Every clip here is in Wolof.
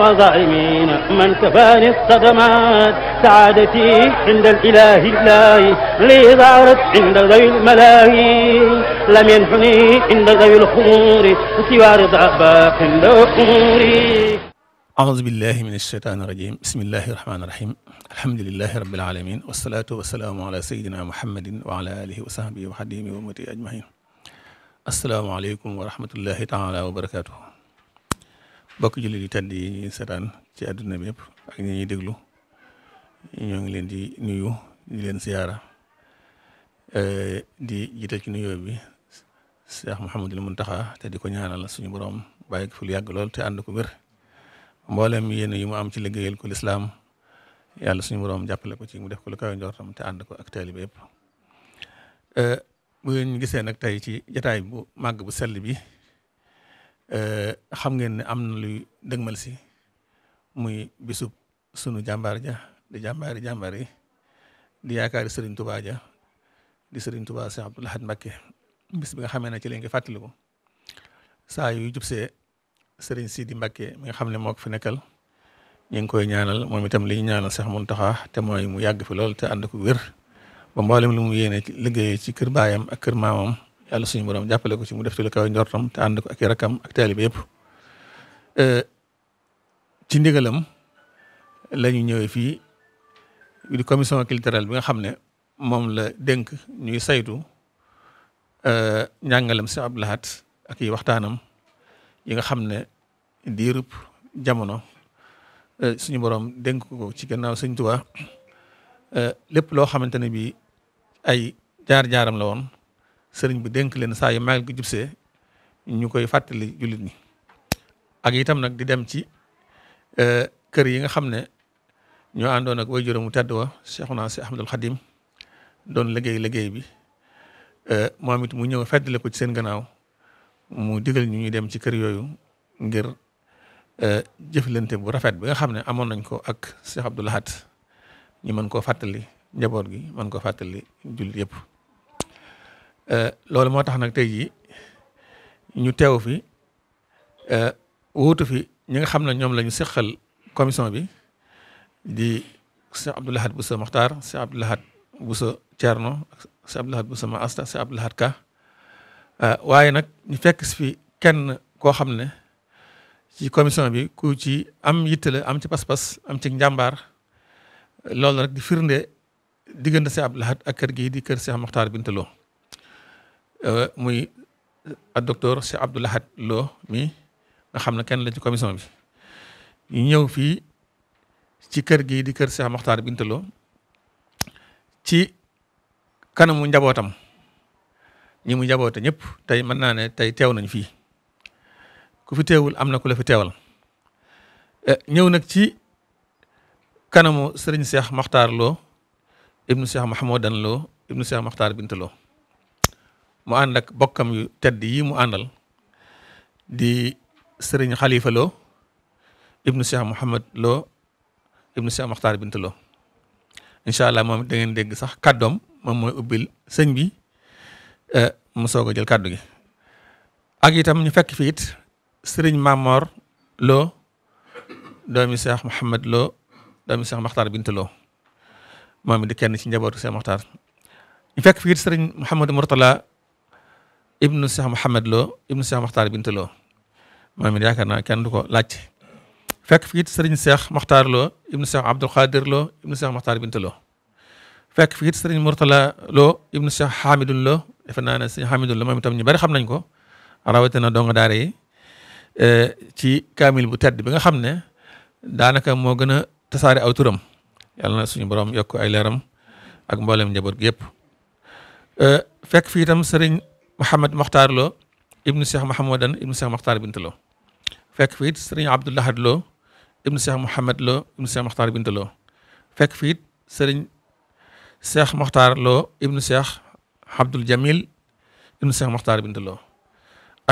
وظالمين من كفاني الصدمات سعادتي عند الإله الله لي ظهرت عند ذوي الملاهي لم ينحني عند ذوي الخمور سوى رضا باق لو أموري أعوذ بالله من الشيطان الرجيم بسم الله الرحمن الرحيم الحمد لله رب العالمين والصلاة والسلام على سيدنا محمد وعلى آله وصحبه وحديمه وأمته أجمعين asalaamaaleykum wa rahmatullahi taala wa barakaatu bokk jullit yu tedd yi ñuy seetaan ci àdduna bi yëpp ak ñi ñuy déglu ñoo ngi leen di nuyu di leen siyaara eh, di jiital ci nuyoo bi Cheikh Mouhamadul Mountakha te di ko ñaanal suñu borom bàyyi ko fi yàgg lool te ànd ko wér mboolem yéen yi mu am ci liggéeyal ko lislaam yàlla suñu borom jàppale ko ci mu def ko lu kaw njortam te ànd ko ak taalibe yëpp eh, bu ngeen gisee nag tey ci jataay bu màgg bu sell bi. Euh, xam ngeen ne am na luy mal si muy bisub sunu jàmbaar ja di jàmbaari jàmbaar yi di yaakaari Serigne Touba ja di sëriñ Touba Cheikh Abdoul Ahad Mbacké bis bi nga xamee ne ci lañ koy fàttaliku saa yu jubsee si di Mbacké mi nga xam ne moo ko fi nekkal ñu ngi koy ñaanal moom itam li ñu ñaanal Cheikh Mountakha te mooy mu yàgg fi lool te ànd ko wér ba mboolem lu mu yéene liggéeyee ci kër baayam ak kër maamam. yàlla suñu borom jàppale ko ci mu def ci lu kaw njortam te ànd ko ak i rakkam ak taalibe yëpp euh, ci ndigalam la ñëwee fii di commission culturelle bi nga xam ne moom la dénk ñuy saytu euh, njàngalam si Abdou Lahad ak yi waxtaanam yi nga xam ne diirub jamono euh, suñu borom dénk ko ci gannaaw Sëñ Tuubaa lépp loo xamante ne bii ay jaar-jaaram la woon. sëriñ bi dénk leen saa yu magal gi jubsee ñu koy fàttali jullit ñi ak itam nag di dem ci e, kër yi nga xam ne ñoo àndoon ak way juróomu tedd wa Cheikhuna si Ahmadul Xadim doon liggéey liggéey bi e, moom it mu ñëw fàttali ko ci seen gannaaw mu digal ñu ñu dem ci kër yooyu ngir e, jëflante bu rafet bi nga xam ne amoon nañ ko ak Cheikh ñu mën koo fàttali njaboot gi mën koo fàttali jullit yëpp. Euh, loolu moo tax nag tey yi ñu teew fi euh, wuutu fi ñi nga xam ne ñoom lañu ñu seqal commission bi di Cheikh Abdou Lahad Bousso Mokhtar Cheikh Abdou Lahad Bousso Thierno Cheikh Abdou Lahad Bousso Ka euh, waaye nag ñu fekk si fi kenn koo xam ne ci commission bi ku ci am yitte la am ci pas-pas am ci njàmbaar loolu rek di firnde diggante Cheikh Abdou ak kër gii di kër Cheikh Mokhtar Bintaloo Euh, muy euh, ak docteur Cheikh Abdou Lahad Lo mi nga xam na kenn la ci commission bi ñu ñëw fii ci kër gii di kër Cheikh Makhtar Binta Lo ci kanamu njabootam ñi mu njaboota ñëpp tey mën naa ne tey teew nañ fii ku fi teewul am na ku la fi teewal euh, ñëw nag ci kanamu Serigne Cheikh Makhtar Lo ibnu Cheikh Mahmoudan Lo ibnu Cheikh Makhtar Binta Lo mu ànd ak bokkam yu tedd yi mu àndal di sëriñ Khalifa Lo ibnu Cheikh Mouhamed Lo ibnu Cheikh Makhtar Bint Lo incha allah moom da ngeen dégg sax kàddoom moom mooy ubbil sëñ bi eh, mu soog a jël kàddu gi ak itam ñu fekk fi it sëriñ Mamor Lo doomi Cheikh Mouhamed Lo doomi Cheikh Makhtar Bint Lo moom di kenn ci njabootu Cheikh Makhtar ñu fekk fi sëriñ Mouhamed Mourtala ibnu Cheikh Mouhamed Lo ibnu Cheikh Makhtar Binte Lo moom it yaakaar naa kenn du ko laajte fekk fiit it sëriñ Cheikh Makhtar Lo ibnu Cheikh Abdoul Khadir Lo ibnu Cheikh fekk fiit it sëriñ loo Lo ibnu Cheikh Hamidun Lo defe naa ne sëriñ Hamidun moom itam ñu bari xam nañ ko rawatina donga daara yi eh, ci kaamil bu tedd bi nga xam ne daanaka moo gën a tasaare aw turam yàlla na suñu borom yokk ay leeram ak mboolem njaboot gi yëpp eh, fekk fii itam Mouhamed Mokhtar Lo ibnu Cheikh Mouhamadan ibnu Cheikh Mokhtar Binta Lo fekk fi it sëriñ Abdou Lahad Lo ibnu Cheikh Mouhamed Lo ibnu Cheikh Mokhtar Binta Lo fekk fi it sëriñ Cheikh Mokhtar Lo ibnu Cheikh Abdoul Jamil ibnu Cheikh Mokhtar Binta Lo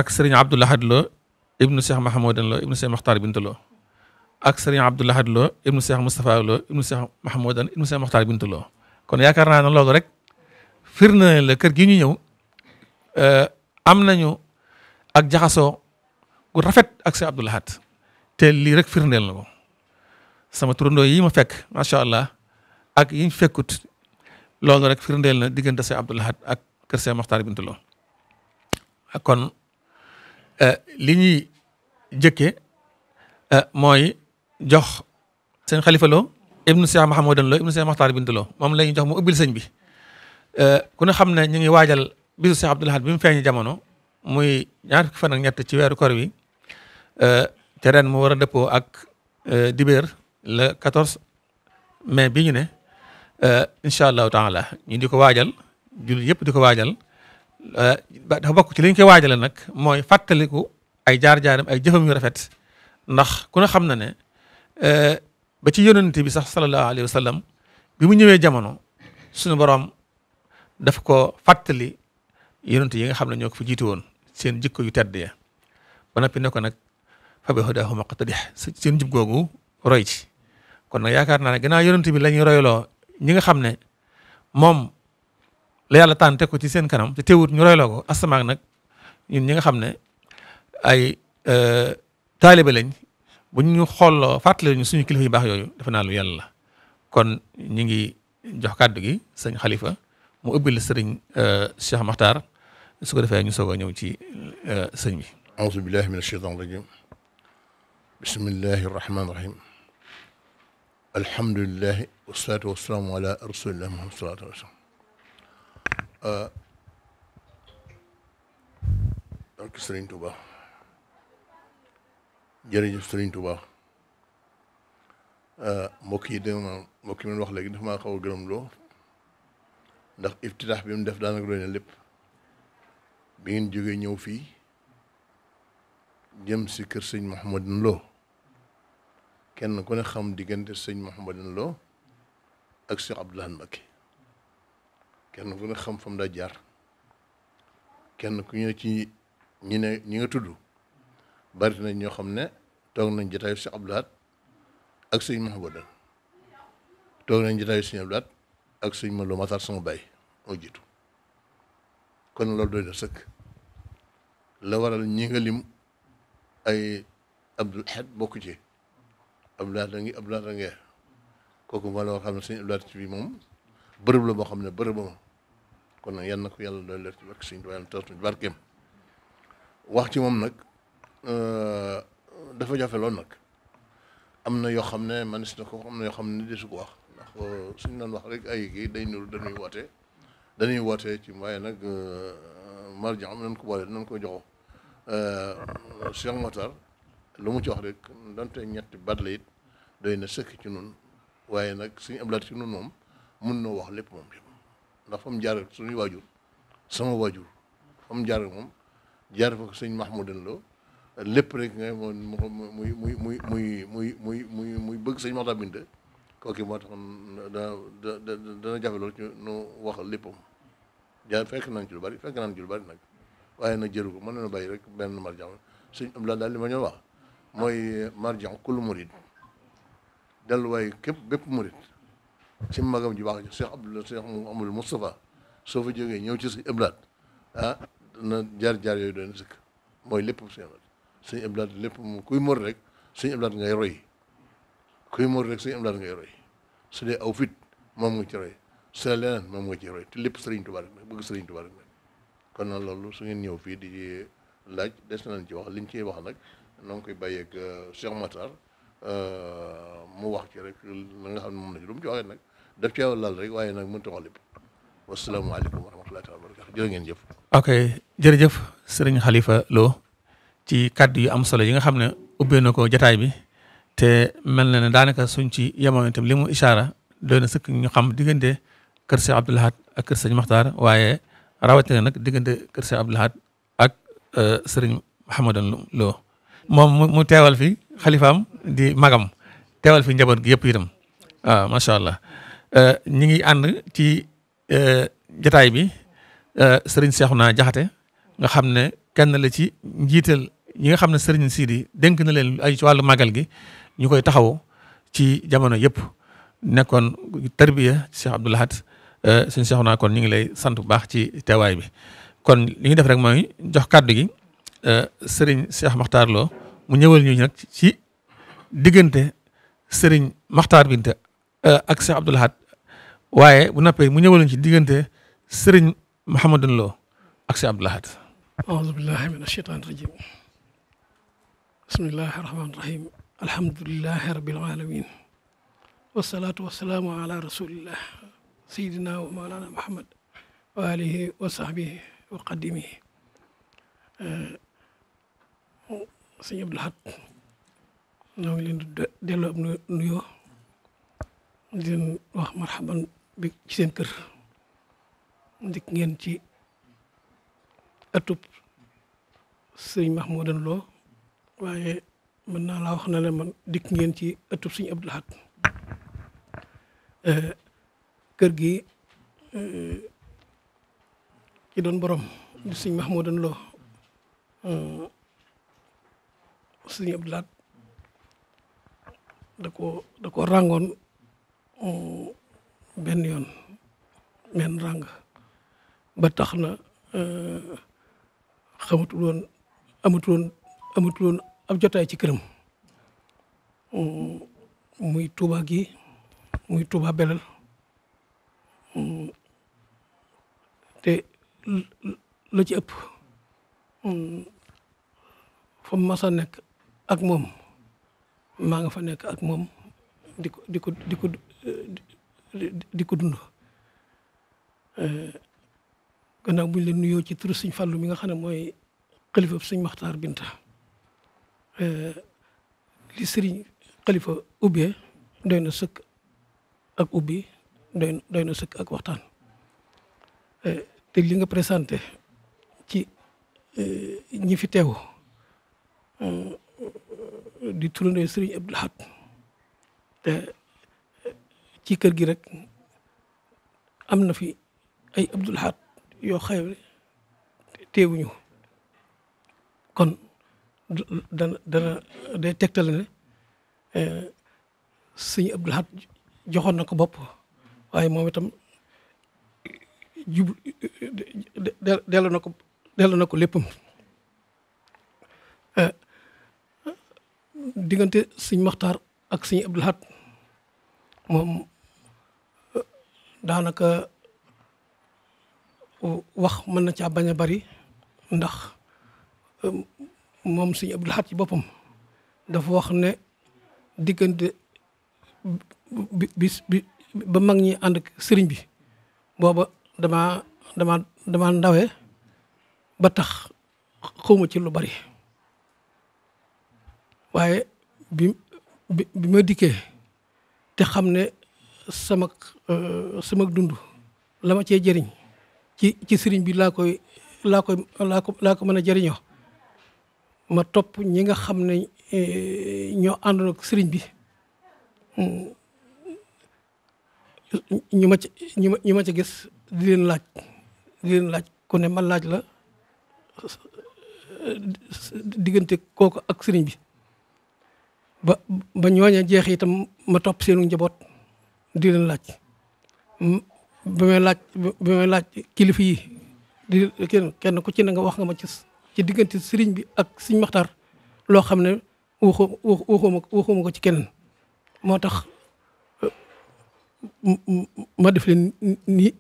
ak sëriñ Abdou Lahad Lo ibnu Cheikh Mouhamadan Lo ibnu Cheikh Mokhtar Binta Lo ak sëriñ Abdou Lahad Lo ibnu Cheikh Moustapha Lo ibnu Cheikh Mouhamadan ibnu Cheikh Mokhtar Binta Lo kon yaakaar naa ne loolu rek firnde na la kër gi ñu ñëw. Euh, am nañu ak jaxasoo gu rafet ak Cheikh Abdou Lahad te lii rek firndeel na ko sama turandoo yii ma fekk macha allah ak yiñ ñu fekkut loolu rek firndeel na diggante Cheikh Abdou ak kër Cheikh Makhtar Binta Lo kon euh, li ñuy jëkke euh, mooy jox seen xalifa Lo ibnu Cheikh Mahamadou Lo ibnu Cheikh moom la jox mu ubbil sëñ bi ku ne xam ne ñu ngi waajal. bisu Cheikh Abdoul Ahad bi mu feeñee jamono muy ñaar fukki fan ñett ci weeru kor wi euh, te ren mu war a dëppoo ak euh, dibéer le 14 mai bi ñu ne euh, incha allahu taala ñu di ko waajal jullit yëpp di ko waajal dafa bokk ci li ñu koy waajale nag mooy fàttaliku ay jaar-jaaram ay jëfam yu rafet ndax ku ne xam na ne ba ci yonent bi sax sallallahu alayhi wa sallam bi mu ñëwee jamono suñu borom daf ko fàttali yonent yi nga xam ne ñoo ko fi jiit woon seen jikko yu tedd ya ba noppi ne ko nag fa bi hudaahum iqtadih seen jub googu roy ci kon nag yaakaar naa ne gannaaw yonent bi la ñuy royloo ñi nga xam ne moom la yàlla tànn ko ci seen kanam te teewut ñu royloo ko asamaan nag ñun ñi nga xam ne ay e, taalibe lañ bu ñu xooloo fàttali ñu suñu kilifa yooyu defe naa lu yàlla la kon ñu ngi jox kàddu gi sëñ Xalifa mu ubbil sëriñ e, Cheikh Makhtar. su ko defee ñu soog a ñëw ci euh, sëñ bi aouzu billahi min asheytan rajim bismillahi rahmaani rahim alhamdulilahi wasalaatu wasalaamu ala rasulillah muhammad salatu wasalam donc sëriñ Tuuba jërëjëf sëriñ Tuuba euh, mbokk yi dama mbokk yi man wax léegi dafa maa xaw a gërëm loo ndax iftitaax bi mu def daanaka doy na lépp bi ngeen jógee ñëw fii jëm si kër sëñ Mouhamadou Lo kenn ku ne xam diggante sëñ Mouhamadou Lo ak sëñ Abdoulaye Mbacké kenn ku ne xam fam daa jaar kenn ku ñu ci ñi ne ñu nga tudd bari na ñoo xam ne toog nañ jotaayu sëñ Abdoulaye ak sëñ Mouhamadou toog nañ jotaayu sëñ Abdoulaye ak sëñ Malo Matar sama baay moo jiitu kon loolu doy na sëkk la waral ñi nga lim ay Abdul Ahad bokk ci Abdoulaye da ngi Abdoulaye da ngi kooku ma la xam ne sëñ ci bi moom bërëb la boo xam ne bërëb kon nag yan na ko yàlla doy leer ci barke sëñ Tuubaa tas ñu barkeem wax ci moom nag euh, dafa jafe lool nag am na yoo xam ne manis na ko am na yoo xam ne di su ko wax ndax euh, suñu wax rek ay gi day nuru dañuy woote dañuy wootee ci waaye nag euh, marja am nañ ko boole nañ ko joxo euh, Cheikh Matar lu mu ci wax rek donte ñetti baat la it na sëkk ci nun waaye nag suñu ablaat ci nun moom mun noo wax lépp moom ndax fa mu jaar suñuy waajur sama waajur fa mu jaar moom jaar fa ko sëñ Mahmoudin Lo lépp rek nga moom muy muy muy muy muy muy muy muy bëgg sëñ Makhtar bind kooku moo tax dana dana jafe loolu ci nu wax léppam jaar fekk nañ ci lu bari fekk nañ ci lu bari nag waaye nag jëru ko mën nañu bàyyi rek benn marjan suñ am la daal li ma ñu wax mooy marjan kul murid delluwaay képp bépp murid ci magam ji baax ji Cheikh Abdoulaye Cheikh Mouhamadou Moustapha soo fa jógee ñëw ci suñu iblaat ah na jaar-jaar yooyu doon sikk mooy lépp suñu iblaat suñu iblaat lépp kuy mor rek suñu iblaat ngay roy kuy mor rek suñu iblaat ngay roy su dee aw fit moom nga ci roy sa leneen moom nga ci roy te lépp sëriñ Tuubaa rek nag bëgg sëriñ Tuubaa rek nag kon nag loolu su ngeen ñëw fii di laaj des nañ ci wax liñ ciy wax nag noo ngi koy bàyyeeg euh, Cheikh Matar euh, mu wax ci rek la nga xam ne moom la ci lu mu ci waxee nag daf ci lal rek waaye nag mënut a wax lépp wasalaamaaleykum wa rahmatullahi taala wa barakatu jërë ngeen jëf. ok jërëjëf sëriñ Khalifa Lo ci kàddu yu am solo yi nga xam ne ubbee na ko jataay bi te mel na ne daanaka suñ ci yemoo itam li mu ishaara doy na sëkk ñu xam diggante. kër Cheikh Abdoul Maxtaar waaye rawatina nag diggante kër Cheikh ak euh, sëriñ Mouhamadou Lo moom mu teewal fi xalifaam di magam teewal fi njaboot gi yëpp itam waaw macha allah euh, ñi ngi ànd ci euh, jataay bi sëriñ seexu naa Jaxate nga xam ne kenn la ci njiital ñi nga xam ne sëriñ Sidi dénk na leen ay ci wàllu màggal gi ñu koy taxaw ci jamono yëpp nekkoon tarbiya Cheikh Abdoul Euh, suñ seexu naa kon ñu ngi lay sant bu baax ci teewaay bi kon li ñu def rek mooy jox kàddu gi sëriñ Seex Maxtaar Lo mu ñëwal ñu nag ci diggante sëriñ Maxtaar Binta euh, ak Seex Abdul waaye bu nappee mu ñëwal ñu ci diggante sëriñ Mouhamadou Lo ak Seex Abdul Ahad aoudu billahi min asheytaan rajim bismillahi ala rasulillah sayidina wa maulana muhammad wa alihi wa sahbihi wa qadimihi sëñ Abdul Ahad ñoo ngi leen di delloo ab nuyoo di wax marhaban bi ci seen kër ndik ngeen ci atub sëñ Mahmoudan Lo waaye mën naa la wax na la man dikk ngeen ci atub sëñ Abdul Ahad kër gi euh, kii doon borom di sëñ Mahmoudan Lo euh, sëñ Abdou Lahat da ko da ko ràngoon euh, benn yoon benn ràng ba tax na xamatul woon amatul woon amatul woon ab jotaay ci këram muy Touba gi muy Touba Belel te lu ci ëpp fa masa nekk ak moom maa nga fa nekk ak moom di ko di ko di ko di ko dund gannaaw bu leen nuyoo ci turu Sëñ Fallu mi nga xam ne mooy xalifa Sëñ Maxtaar Binta li sëriñ xalifa ubbee doy na sëkk ak ubbi doy na sëkk ak waxtaan eh, te li nga présenté ci eh, ñi fi teew eh, di turandoo Sëriñ Abdou Lahad ci kër gi rek am na fi ay Abdou Lahad yoo xayma teewuñu kon dana dana day tegtal ne Sëriñ Abdou Lahad joxoon na ko bopp. waaye moom itam jub na ko dellu na ko léppam euh, diggante sëñ Maxtaar ak sëñ Abdul Ahad moom euh, daanaka wax mën na caa bañ a bari ndax euh, moom sëñ Abdul Ahad ci boppam dafa wax ne diggante bi ba mag ñi ànd ak sëriñ bi booba dama dama dama ndawe ba tax xawma ci lu bari waaye bi bi ma dikkee te xam ne sama euh, sama dund la ma cee jëriñ ci ci sëriñ bi laa koy laa koy laa ko laa ko mën a jëriñoo ma topp ñi nga xam ne euh, ñoo àndoon ak sëriñ bi hmm. ñu ma ci ñu ma ci gis dileen laaj di laaj ku ne ma laaj la diggante kooku ak sëriñ bi ba ba ñooña jeex itam ma topp seenu njaboot di laaj ba may laaj ba laaj kilifa yi di kenn ku ci na nga wax nga ma ci ci diggante sëriñ bi ak sëriñ Maxtaar loo xam ne waxu waxuma ko waxuma ko ci keneen moo tax ma def leen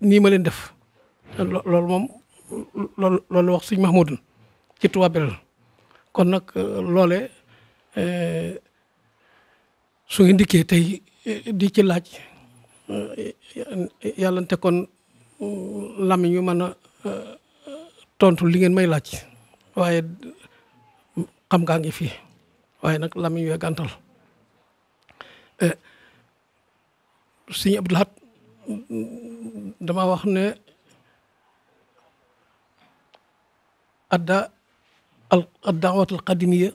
nii ma leen def loolu moom loolu loolu wax sëñ Mahmoudou ci Touba Belel kon nag euh, loole euh, su ngeen dikkee tey euh, di ci laaj yàlla te kon lamiñ yu mën a tontu li ngeen may laaj waaye xam ngaa ngi fi waaye nag lamiñ yooyu gàntal sëñ Abdou Lahad dama wax ne adda al daawat al qadimiya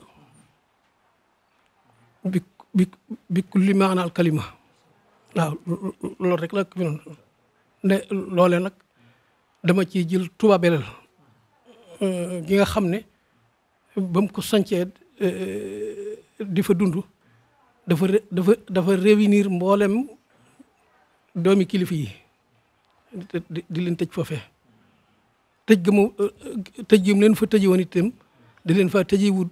al kalima waaw loolu rek la fi noonu ne loole nag dama ciy jël Touba Belel euh, gi nga xam ne ba mu ko sancee euh, di fa dund dafa dafa dafa réunir mboolem doomi kilifa yi di leen tëj foofe tëj ga mu tëj gi mu leen fa tëji woon itam leen fa tëji wut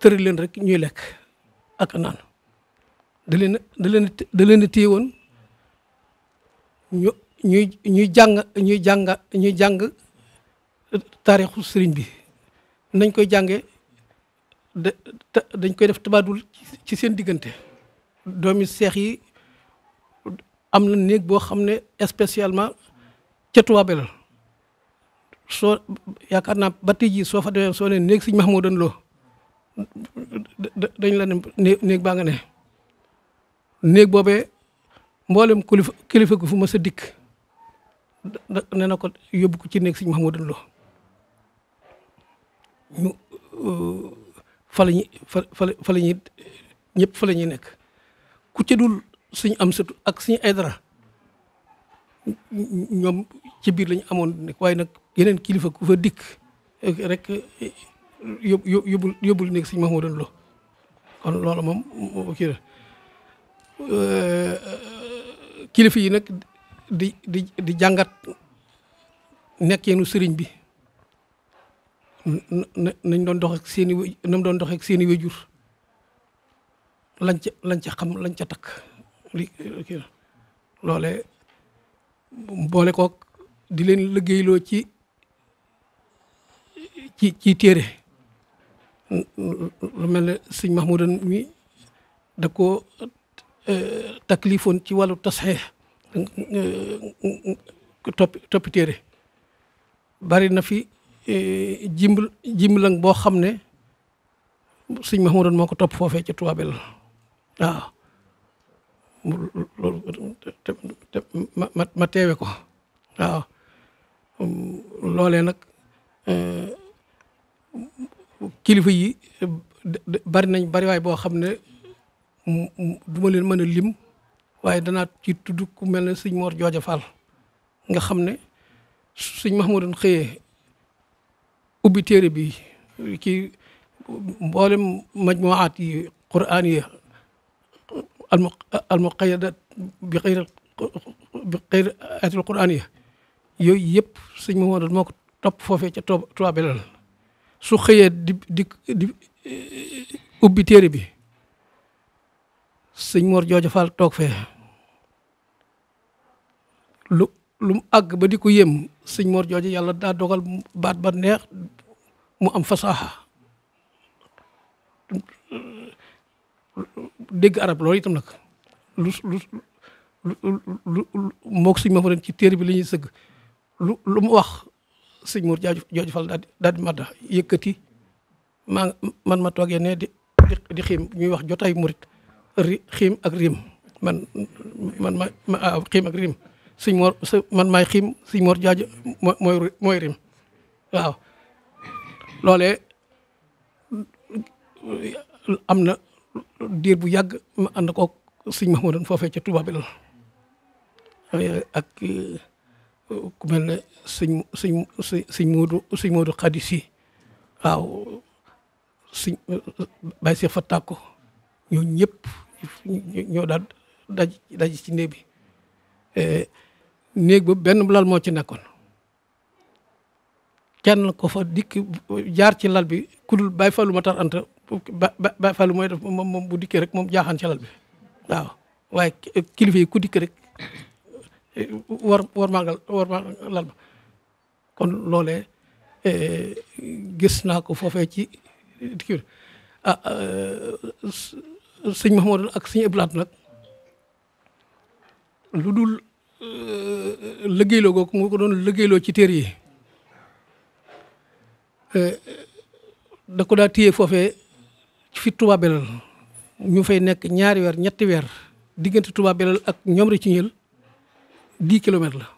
tëri leen rek ñuy lekk aka naan da leen da leen téye woon ñuy ñuy jàng ñuy jàng ñuy jàng taarixu sëriñ bi nañ koy jàngee da dañ koy def tabaadul ci seen diggante doomi seex am na néeg boo xam ne spécialement ca Tuwabel soo yaakaar naa ba tey jii soo fa demee soo ne néeg sëñ Mahmoudan Lo dañ la ne néeg baa nga ne néeg boobee mboolem kilifa kilifa gu fu ma sa dikk ne na ko yóbbu ko ci néeg sëñ Mahmoudan Lo ñu uh, fa la ñuy fa fa la ñuy nekk ku dul suñu am surtout ak suñu ay dara ñoom ci biir lañu amoon waaye nag yeneen kilifa ku fa dikk rek yób yóbbul yóbbul nekk suñu Mahmoudan loo kon loolu moom kii la kilifa yi nag di di di jàngat nekkeenu sëriñ bi nañ doon dox ak seeni nam doon dox ak seeni wéjur lañ ca lañ ca xam lañ ca takk li kii loole boole kook di leen liggéeyloo ci ci ci téere lu mel ne sëñ Mahmoudan mi da koo eh, taklifoon ci wàllu tasxeex eh, topp toppi téere bari na fi eh, jimb jimblang boo xam ne sëñ Mahmoudan moo ko topp foofee ci tubaabel waaw loolu ma teewe ko waaw um, loolee nag eh, kilifa yi bari nañ bari boo xam ne dumaleen ma mën a lim waaye dana ci tudd ku mel ne sëñ Mor Jooja Fall nga xam ne sëñ Mahmoudan xëyee ubbi téere bi ki mboolem majmuwaat yi quraan almuqayyada bi xëyr bi xëyr ayatul quraan ya yooyu yëpp sëñ Mamadou moo ko topp foofee ca Tuubaa Belal su xëyee di di di eh, ubbi téere bi sëñ Mor Jooja Fall toog fee lu lu mu àgg ba di ko yéem sëñ Mor Jooja yàlla daa dogal baat ba neex mu am fasaaxa dégg arab loolu itam nag lu siñ ma fa ci téere bi lañuy ñuy sëgg lu lu mu wax sëñ Mor jaaju jooju fal daal di madda yëkkati maa man ma toogee ne di di xiim ñuy wax jotaay murit ri xiim ak riim man ma ma ah, xiim man maay xiim sëñ Mor jaaju mooy riim waaw am na diir bu yàgg ma ànd koog sëñ Mahmoudan foofee ca Touba ak eh, ku mel ne sëñ sëñ sëñ Modou sëñ Modou Khadi si waaw sëñ eh, Baye Cheikh Fatako ñoo ñëpp ñoo daal daj daj ci néeg bi eh, néeg ba benn lal moo ci nekkoon kenn ko fa dikk jaar ci lal bi ku dul Baye Fallou Matar Anta ba ba ba Fallou moom moom bu dikkee rek moom jaaxaan ci lal bi waaw waaye kilifa yi rek war war lal kon loolee eh, gis naa ko foofee ci kii bi ah eh, ak sëñ Iblaat nag lu dul eh, liggéeyloo googu nga ko doon liggéeyloo ci téer yi daa téye foofee fi Touba Belel fay nekk ñaari weer ñetti weer diggante Touba Belel ak ñoom ci ñël dix kilomètres la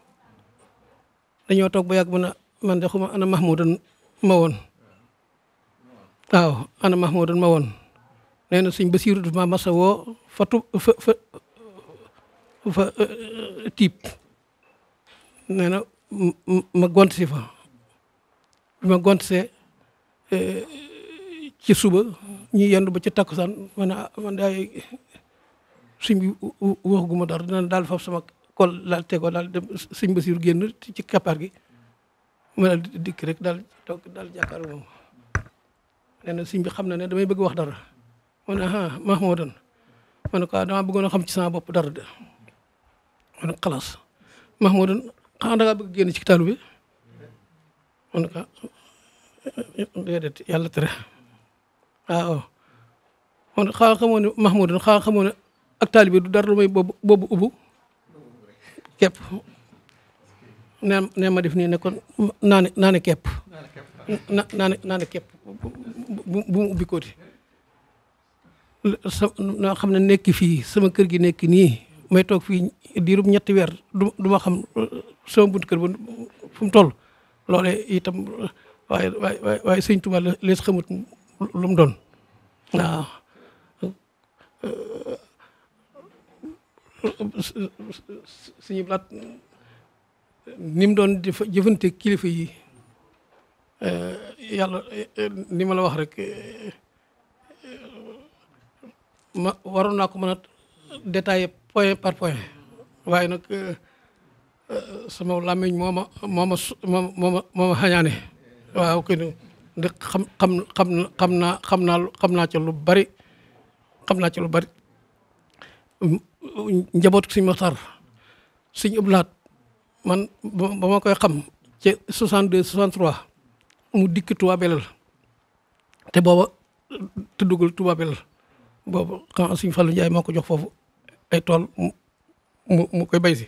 dañoo toog ba yàgg mu ne man de xuma ana Mahmoudan ma woon waaw ana Mahmoudan ma woon nee na sëñ Basiiru daf ma masa woo fa tu fa eh, ma gont si fa bi ma gont see eh, ci suba ñi yendu bu ci takkusaan man man daay suñ bi wax gu ma dara dina daal foofu sama kol laal tegoo daal dem suñ Basiru génn ci kappaar gi ma daal dikk rek daal toog moom nee na suñ bi xam na ne damay bëgg wax dara ma ne ah Mahmoudan ma ne ko ah, damaa bëggoon xam ci sama bopp dar de ma ne xalaas Mahmoudan xanaa dangaa bëgg génn ci taal bi ma ne ko ah, déedéet yàlla tere waaw ah, man oh. xaa xamoo ne Mahmoudou xaa xamoo ne du dara lu may boobu boobu ubbu képp ne kon naa ne naa ne képp na naa ne naa ne kooti sa xam ne nekk fii sama kër gi nekk nii may toog fii diirub ñetti weer du xam sama bunt kër ba fu mu toll loole itam sëñ Tuubaa lees xamut lu mu doon waaw suñu blaat ni mu doon jëfante kilifa yi eh, yàlla eh, ni ma wax rek eh, ma waroon naa ko mën a détailler point par point waaye nag sama làmmiñ moo ma moo ma moo ma moo waaw kay de xam xam xam naa xam naa xam naa ca lu bari xam naa ca lu bari njabootu suñu Maxtaar suñu ublaat man ba ma koy xam ca 62 63 mu dikk Touba te booba tuddugul Touba Belel boobu xam suñu Fallou Ndiaye moo ko jox foofu ay tool mu mu koy bay si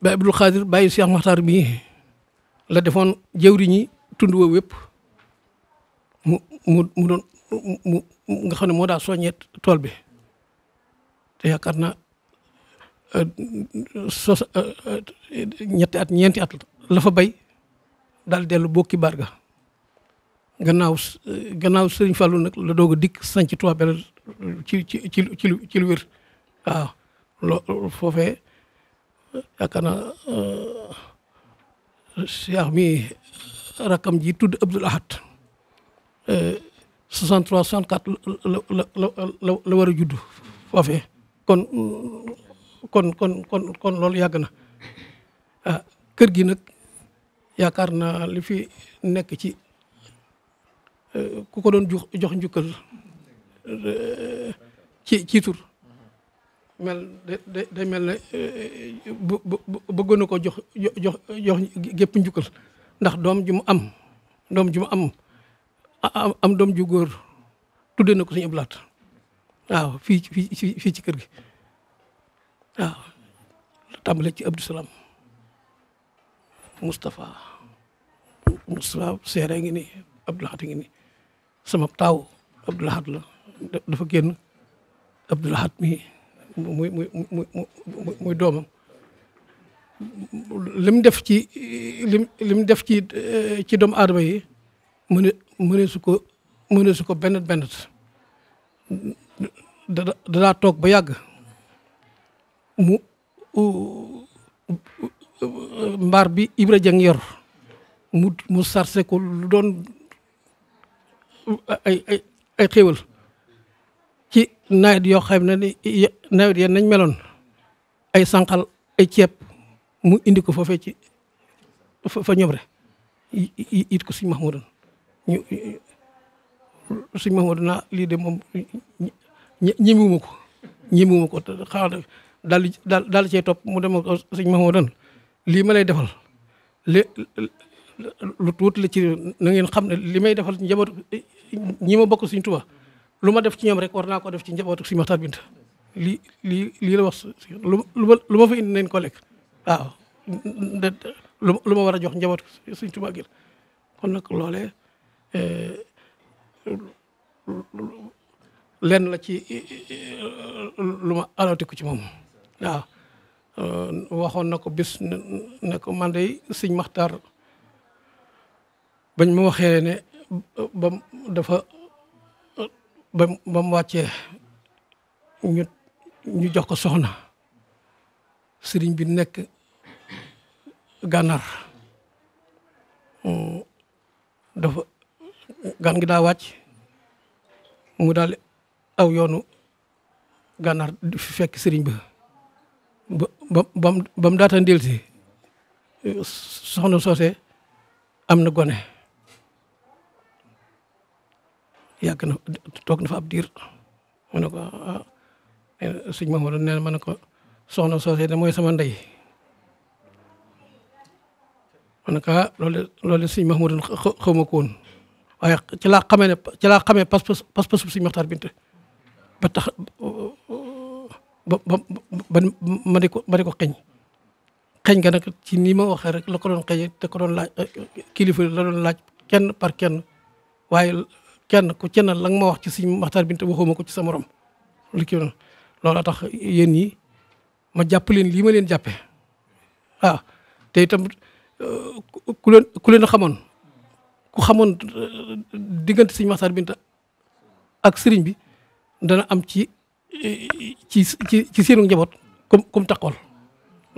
Baye Abdoul Khadir Baye Cheikh bii la defoon jëwriñi tund woowu yëpp mu mu mu doon mu nga xam ne moo daal soññeet tool bi te yaakaar na euh, sos euh, ñetti at ñeenti at la fa bay daal dellu bokki barga gannaaw gannaaw sëriñ Fallou nag la doog a dikk sanc Touba Belel ci ci ci ci ci lu wér waaw loo foofee yaakaar na euh, Cheikh mi rakam ji tudd Abdul Ahad 63 euh, 64 la la la la war a judd foofee kon kon kon kon kon loolu yàgg na ah, kër gi nag yaakaar naa li fi nekk ci euh, ku ko doon jox jox njukkal euh, ci ci tur mel day mel ne bëggoon na ko jox jox jox gépp ndax doom ji mu am doom ji mu am am doom ju góor tudde na ko suñu ablaat waaw fii fii fii ci kër gi waaw tàmbale ci Abdou Salam mustafa Moustapha seere ngi ni Abdou Lahad ngi ni sama taaw Abdou Lahad la dafa génn Abdou Lahad mi muy muy muy muy doomam lim def ci lim def ci eh, ci doomu adama yi mu ne mu ne su ko mu ne ko benn benn da toog ba yàgg mu mbaar bi Ibra Jeng yor mu mu sarse ko lu doon ay ay ay xéwal ci nawet yoo xam na ni nawet nañ meloon ay sànqal ay ceeb mu indi ko foofee ci fa ñoom rek it ko suñ Mahmoudan ñu suñ lii de moom ñemewuma ko ñemewuma ko xaaral dal di daal cee topp mu dem ko suñ Mahmoudan lii ma lay defal li lu tuuti la ci na xam ne li may defal njabootu ñi ma bokk suñ Tuubaa lu ma def ci ñoom rek war naa ko def ci njabootu suñ Maxtaar Binta lii lii la lu ma lu ma fa indi nañ ko lekk waaw ah, lu ma war a jox njabootu Sëriñ Tuubaa gi kon nag loole eh, lenn la ci lu ma alatiku ci moom waaw eh, waxoon na ko bis ne ko man de Sëriñ Maxtaar bañ ma waxee ne ba dafa ba ba mu wàccee ñu ñu jox ko soxna sëriñ bi nekk gànnaar dafa gan gi daa wàcc mu daal aw yoonu gànnaar di fekk sëriñ ba ba ba ba daata ndil si soxna soose am na gone yàgg na toog ab diir mu ne ko ah, ah, sëñ Mamadou nee ma ne ko soxna soose na mooy sama ndey ma ne loole ah loolu loolu sëñ Mahmoudou xaw ma ko waaye ci laa xamee ne ci laa xamee pas-pas pas-pas bu sëñ Maxtaar Binte ba tax ba ba ba ma di ko ma di ko xeeñ xeeñ nga nag ci nii ma waxee rek la ko doon xeeñee te doon laaj kilifa la doon laaj kenn par kenn waaye kenn ku ci ne la nga ma wax ci sëñ Maxtaar Binte waxuma ko ci sa morom lu tax yéen ñi ma jàpp leen lii ma leen jàppee ah te ku leen ku leen xamoon ku xamoon euh, diggante sëñ Maxtaar Binta ak sëriñ bi dana am ci ci ci ci seenu njaboot comme comme taxawal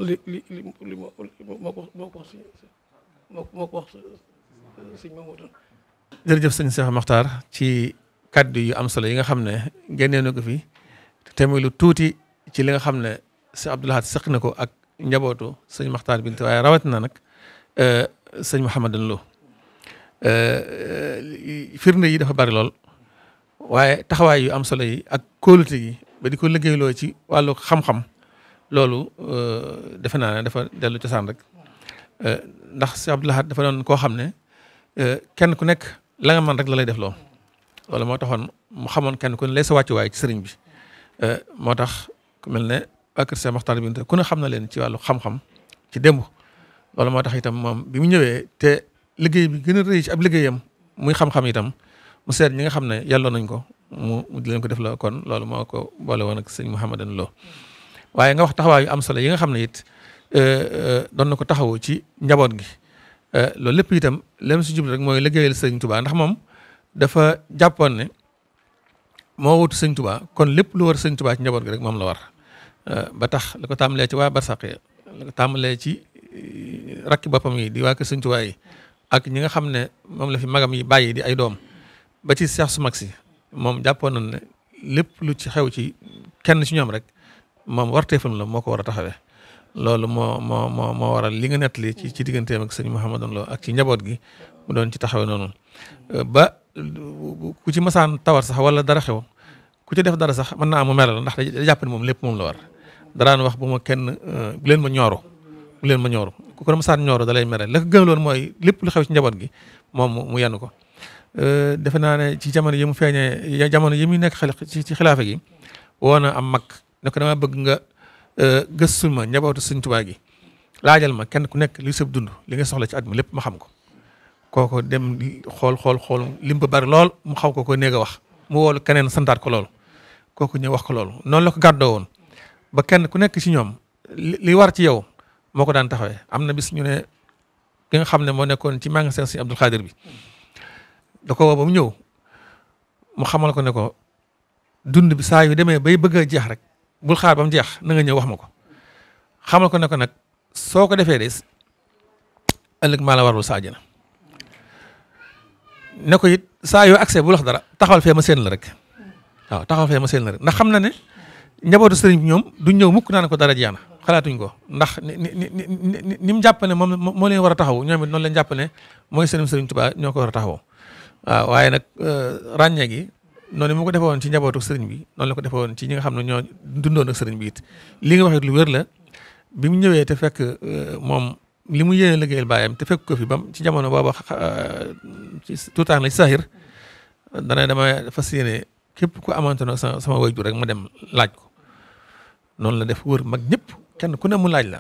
li li li li sëñ Mamadou jërëjëf ci kaddu yu am solo yi nga xam ne génnee na ko fi te muy lu tuuti ci li nga xam ne si Abdoul Ahad sëq na ko ak njabootu sëñ Maxtaar Binta waaye rawatina nag. Euh, sëñ Mouhamadou Lo euh, euh, firnde yi dafa bari lool waaye taxawaay yu am solo yi ak kóolute yi ba di ko liggéeyloo ci wàllu xam-xam loolu defe naa ne dafa dellu cosaan rek ndax si Abdou Lahad dafa doon koo xam ne kenn ku nekk la man rek lalay def loo loolu moo taxoon mu xamoon kenn ku ne lay sa wàccuwaay ci sëriñ bi moo tax ku mel ne waa Kër Cheikh Makhtar bi ku ne xam na leen ci wàllu xam-xam ci démb. loolu moo tax itam moom bi mu ñëwee te liggéey bi gën a rëy ci ab liggéeyam muy xam-xam itam mu seet ñi nga xam ne yàlla nañ ko mu mu di ko def la kon loolu moo ko boole woon ak sëñ Mouhamadou loo waaye nga wax taxawaay yu am solo yi nga xam ne it euh, euh, doon na ko taxawu ci njaboot gi euh, loolu lépp itam lem si jublu rek mooy liggéeyal sëñ Touba ndax moom dafa jàppoon ne moo wutu sëñ Touba kon lépp lu war sëñ Touba ci njaboot gi rek moom la war ba tax la ko tàmbalee ci waa Barsaq rakki boppam yi di waa kër Sëñ Tuubaa yi ak ñi nga xam ne moom la fi magam yi bàyyi di ay doom ba ci seex su mag si moom jàppoon nañ ne lépp lu ci xew ci kenn ci ñoom rek moom warteefam la moo ko war a loolu moo moo moo moo waral li nga nettali ci ci digganteem ak sëñ Mouhamadou Lo ak ci njaboot gi mu doon ci taxawee noonu ba ku ci masaan tawar sax wala dara xew ku ci def sax mën naa am mu melal ndax moom la war wax bu ma kenn euh, bu ma ñooru bu leen ma ñooru ku ko masaan ñooru da lay mere la ko gën mooy lépp lu xew ci njaboot gi moom mu yenn ko euh, defe naa ne ci jamono yi mu feeñee jamono yi mu nekk ci ci xilaafa gi woo na am mag ne ko bëgg nga euh, gëstu njabootu Sëñ Tuubaa gi laajal ma kenn ku nekk li sëb dund li nga soxla ci at mi lépp ma xam ko kooku dem xool xool xool lim ba bari lool mu xaw ko ko néeg wax mu woolu keneen santaat ko loolu kooku ñëw wax ko loolu noonu la ko gàddoo woon ba kenn ku nekk ci ñoom li war ci yow moo ko daan taxawee am na bis ñu ne ki nga xam ne moo nekkoon ci magasin si Abdul Xaadir bi da woo ba mu ñëw mu xamal ko ne ko dund bi saa yu demee bay bëgg a jeex rek bul xaar ba mu jeex na nga ñëw wax ma ko xamal ko ne ko nag soo ko defee des ëllëg maa la warul sa àjjana ne ko it saa yoo accès bul wax dara taxawal fee ma seen la rek waaw taxawal fee ma seen rek ndax xam na ne njabootu sëriñ bi ñoom du ñëw mukk naa ko dara jeex na xalaatuñ ko ndax ni ni ni mu jàpp ne moom moo leen war a taxawu ñoom it noonu leen jàpp ne mooy seenum Sëriñ Tuubaa ñoo ko war a taxawu waaw waaye nag euh, ràññee gi noonu mu ko defee woon ci njabootu sëriñ bi noonu la ko defee woon ci ñi nga xam ne ñoo dundoon ak sëriñ bi it li nga waxit lu wér la bi mu ñëwee ta fekk euh, moom li mu yéene liggéeyal baayam ta fekk ko fi bam ci jamono booba euh, ci tuutaan la ci sahir dana dama fas yéene képp ku amante na sama jur rek ma dem laaj ko noonu la def wër mag ñëpp kenn ku ne mu laaj la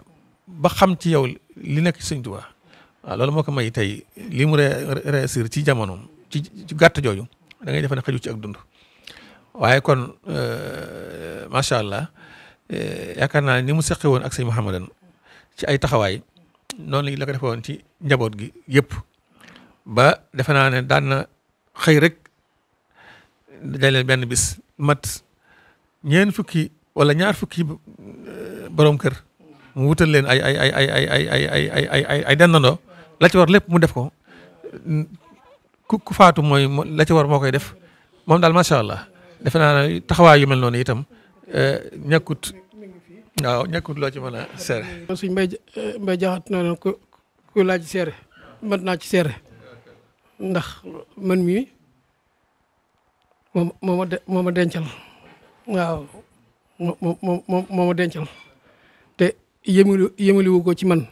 ba xam ci yow li nekk ci sëñ loolu moo ko may tey lii mu réussir ci jamono ci ci gàtt jooju da ngay defe ne xëju ci ak dund waaye kon euh, macha allah euh, yaakaar naa ni mu seqe woon ak sëñ Mouhamadan ci ay taxawaay noonu la ko defee ci njaboot gi yëpp ba defe naa ne daan na xëy rek dañ benn bis mat ñeent fukki. wala ñaar fukki borom kër mu wutal leen ay ay ay ay ay ay ay ay ay ay ay ay dendandoo la ci war lépp mu def ko ku ku faatu mooy la ci war moo koy def moom daal macha allah defe naa ne taxawaay yu mel noonu itam ñàkkut waaw ñàkkut loo ci mën a seere. suñ mbay mbay jaxat na ne ku ku laaj seere mën naa ci seere ndax man mii moom moo ma dencal waaw. moo moo moo dencal te yemul yemuliwu ko ci man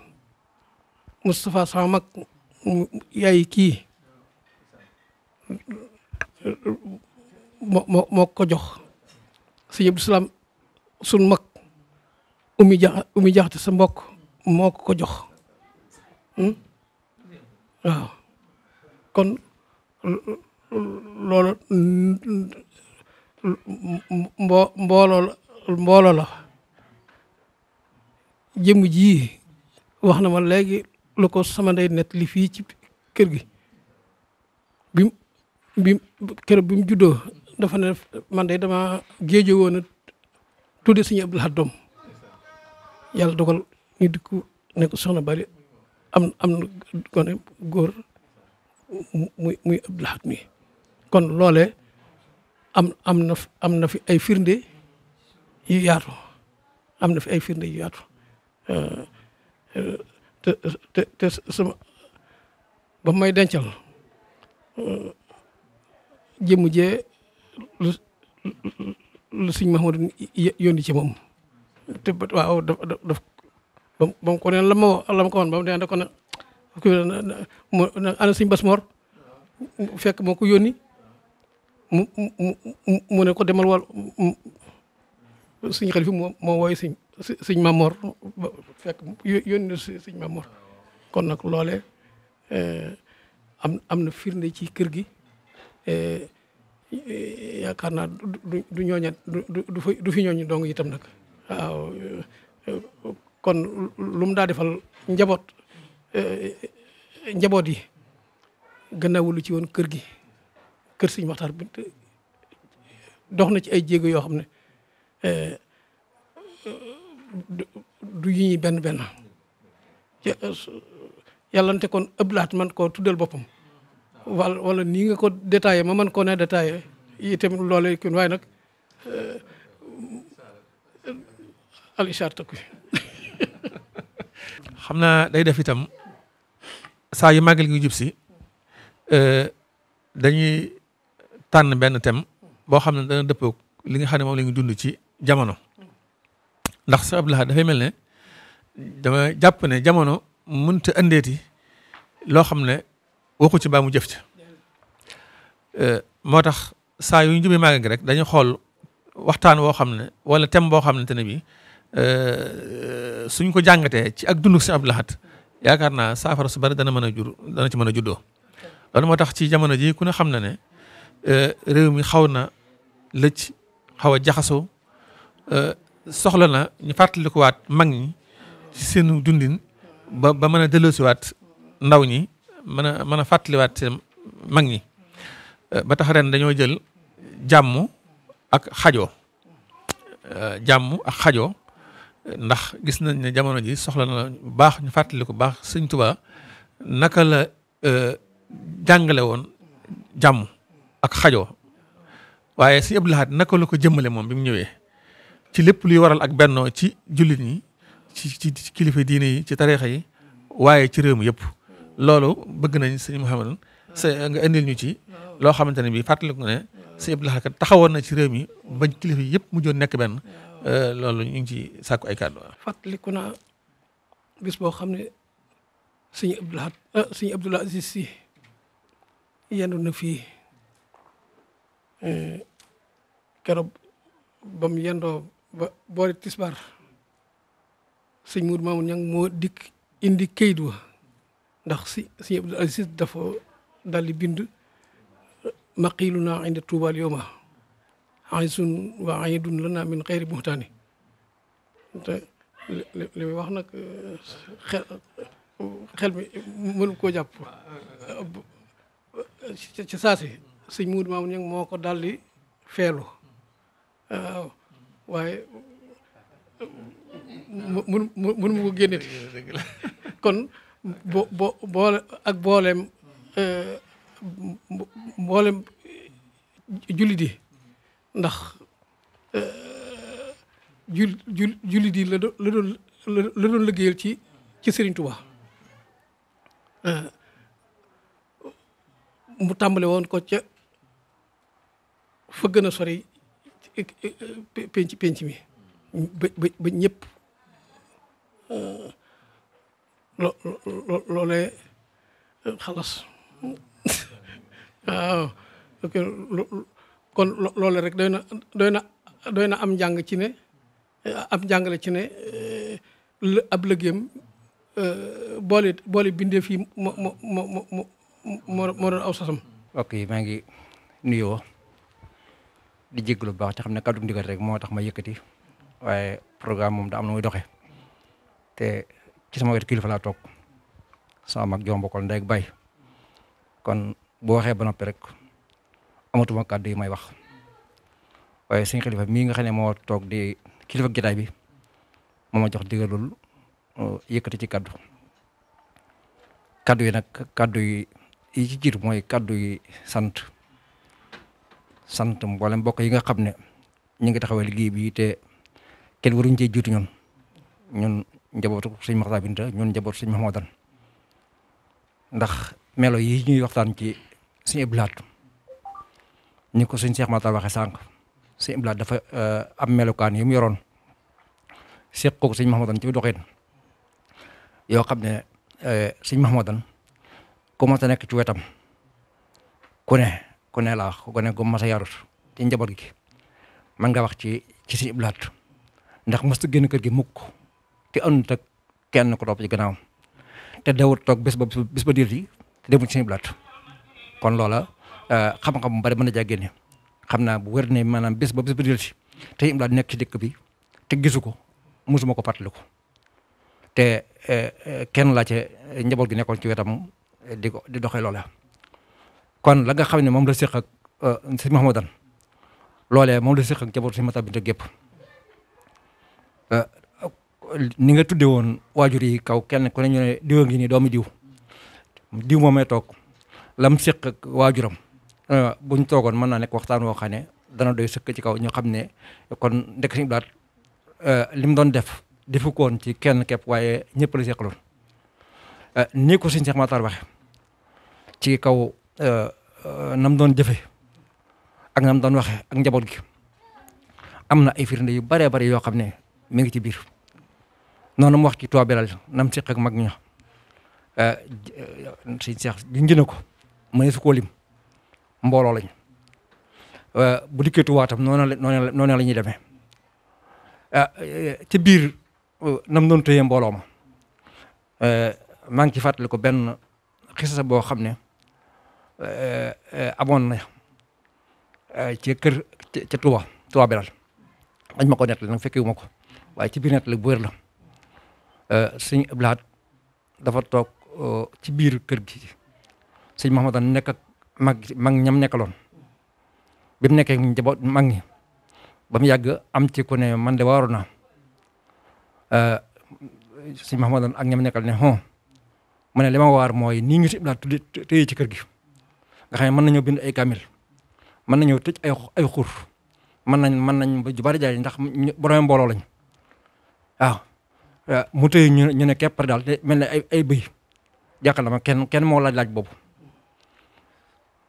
Moustapha sama mag yaay kii moo moo ko jox sëñ Abdou Salaam sun mag umi jax sa mbokk moo ko jox hmm? kon loolu mbo mbooloo la jëmm ji wax na ma léegi lu ko sama ndey net li fii ci kër gi bi bi kër bi juddoo dafa ne man day dama géeje woon a tudde suñu Abdul Ahad doom yàlla dogal ñu dikk ne ko soxna bari am am na gone góor muy muy Abdul Ahad mi kon loole am am na na fi ay firnde yu yaatu am na fi ay firnde yu yaatu te may dencal jëmu jee lu lu sëñ Mahmoud yónni ci moom waaw daf daf ba mu ko ne la ma la ma ko woon ba mu da ko ne mu ana fekk moo ko yónni mu mu mu ne ko demal wàll suñ xalifa moo moo wooy suñ suñ mamor fekk yónni na suñ mamor kon nag loole eh, am na firnde ci kër gi eh, eh, yaakaar naa du du ñooña du fi ñooñu dong itam nag waaw kon lu mu daa defal njaboot njaboot yi gannaaw lu ci woon kër gi kër Sëñ Maxtaar dox na ci ay jéego yoo xam ne Euh, du yu benn benn yàllante kon ëblaat man koo tuddal boppam wala nii nga ko détaillé ma man koo ne détaillé itam loolee kun waaye nag euh, al ishaar xam naa day def itam saa yu màggal gi jub si euh, dañuy tànn benn thème boo xam ne dana dëppoo li nga xam ne moom la ñu dund ci jamono ndax sa Abdou Lahad dafay mel ne dama jàpp ne jamono mënta andeeti loo xam ne waxu ci ba mu jëf ci moo tax saa yu ñu jubee màggal gi rek dañu xool waxtaan woo xam ne wala thème boo xamante ne bi euh, suñ ko jàngatee ci ak dundu si Abdou Lahad yaakaar naa saafara su bari dana mën a jur dana ci mën a juddoo loolu moo tax ci jamono ji ku ne xam na ne euh, réew mi xaw na lëcc xaw a jaxasoo Euh, soxla na ñu fàttalikuwaat mag ñi ci seenu dundin ba mën a delloosiwaat ndaw ñi mën a mën a fàttaliwaat seen mag ñi euh, ba tax ren dañoo jël jàmm ak xajoo euh, jàmm ak xajoo ndax gis nañ ne jamono ji soxla na bu baax ñu fàttaliku baax sëñ Tuubaa naka la jàngale woon jàmm ak xajoo waaye sëñ Abdul Ahad naka la ko jëmmale moom bi mu ñëwee ci lépp luy waral ak bennoo ci jullit ñi ci ci kilifa diine yi ci tariixa yi waaye ci réew mi yëpp loolu bëgg nañ sëñ Mouhamadou sa nga indil ñu ci loo xamante ne bii fàttaliku ne taxawoon na ci réew mi bañ kilifa yi yëpp mujjoon nekk benn euh, loolu ñu ngi ci sàkku ay kàddu. fàttaliku naa bis boo xam ne sëñ Abdou Lahad ah Aziz Sy yendu na fii euh, keroog ba yendoo ba boori tisbar sëñ Mourou Mamoun Niang moo dikk indi kayit wa ndax si bind maqiilu naa inda tuubal wa aydun lana min xel xel koo jàpp ci feelu waaye mun mun mu ko génneti kon bo bo boole ak booleem eh, mboolem jullit yi ndax eh, jul jul jullit yi la doon la doon la doon liggéeyal ci ci Sëriñ Tuubaa eh, mu tàmbale woon ko ca fa gën a sori penc penc mi ba ba ba ñëpp lo lo loolee xalas waaw kon loole rek doy na doy na am njàng ci ne am njàngale ci ne ab lëgéem boole boole bindeef yi mo mo mo mo moo doon aw sasam ok maa ngi nuyoo di jégalu bu baax te xam ne kaddu ndigal rek moo tax ma yëkkati waaye programme moom da am na muy doxee te ci sama wet kilifa la toog sama mag joom bokkal ndey bay kon bu waxee ba noppi rek amatuma kaddu yi may wax waaye sëñ kilifa mii nga xam ne moo toog di kilifa jotaay bi moo ma jox digalul uh, yëkkati ci kaddu kaddu yi nag kaddu yi yi ci jiitu mooy kaddu yi sant. sant mboole mbokk yi nga xam ne ñu ngi taxawal liggéey bi te kenn waruñ cee jiitu ñun ñun njabootu sëñ Makhtar Binta ñun njabootu sëñ Mahmoudan ndax melo yi ñuy waxtaan ci sëñ Abdou Lahad ko sëñ Cheikh Makhtar waxe sànq sëñ Abdou Lahad dafa eh, am melokaan yu mu yoroon seq ko sëñ Mahmoudan ci doxin yoo xam ne eh, sëñ Mahmoudan commencé nekk ci wetam ku ku ne laa ku ne gum masa yarut ci njaboot gi man nga wax ci ci suñu iblaat ndax mësta génn kër gi mukk te àndut ak kenn ko topp ci gannaawam te dawut toog bés ba bés ba diir yi te demul ci suñu iblaat kon loola euh, xam-xam bu bari mën na jaa génne xam naa bu wér ne maanaam bés ba bés ba diir yi te suñu iblaat nekk ci dëkk bi te gisu ko musuma ko fàttaliku te euh, euh, kenn laa ca njaboot gi nekkoon ci wetam di ko di doxee loola kon la nga xam ne moom la séq ak euh, sëñ Mahamadan loolee moom la séq ak jaboot sëñ Mata Binta gépp euh, ni nga tudde woon waajur yi kaw kenn ku ne ñu ne diwa ngi nii doomi diw diw moomee toog lam séq ak bu euh, buñ toogoon mën naa nekk waxtaan woo xam dana doy sëkk ci kaw ñu xam ne kon ndekk sëñ Blaat li doon def defu ci kenn képp waaye ñëpp la seqaloon nii ko sëñ Cheikh Matar waxe ci kaw Euh, euh, nam doon jëfe ak nam doon waxe ak njaboot gi am na ay firnde yu baree bari yoo xam ne mi ngi ci biir noonu mu wax ci toobeelal nam siq ak mag ña euh, sëñ Seex junj na ko mënee su koo lim mbooloo lañ bu dikkee tuwaatam noonu la noonu la ñuy demee ci biir nam doon tëyee mbooloo ma maa ngi ci fàttali ko benn xisa boo xam ne Eh, eh, amoon na eh, ci kër ca Touba Touba Belal dañ ma ko nettali nag fekkee wu ma ko waaye ci biir nettali bu wér la sëñ Ablaat dafa toog ci biir kër gi sëñ Mahamadan nekk ak mag mag ñam nekkaloon bi mu nekkee njaboot mag ñi ba mu yàgg am ci ku ne man de waaru naa sëñ Mahamadan ak ñam nekkal ne xon mu ne li ma waar mooy nii ngi si Ablaat tudde téye ci kër gi nga xam mën nañoo bind ay kamil mën nañoo tëj ay ay xur mën nañ mën nañ ba ju bari jaay ndax borom mbooloo lañ waaw mu tëy ñu ñu ne képp daal te mel ne ay ay bëy jàkkaarloo ma kenn kenn moo laaj laaj boobu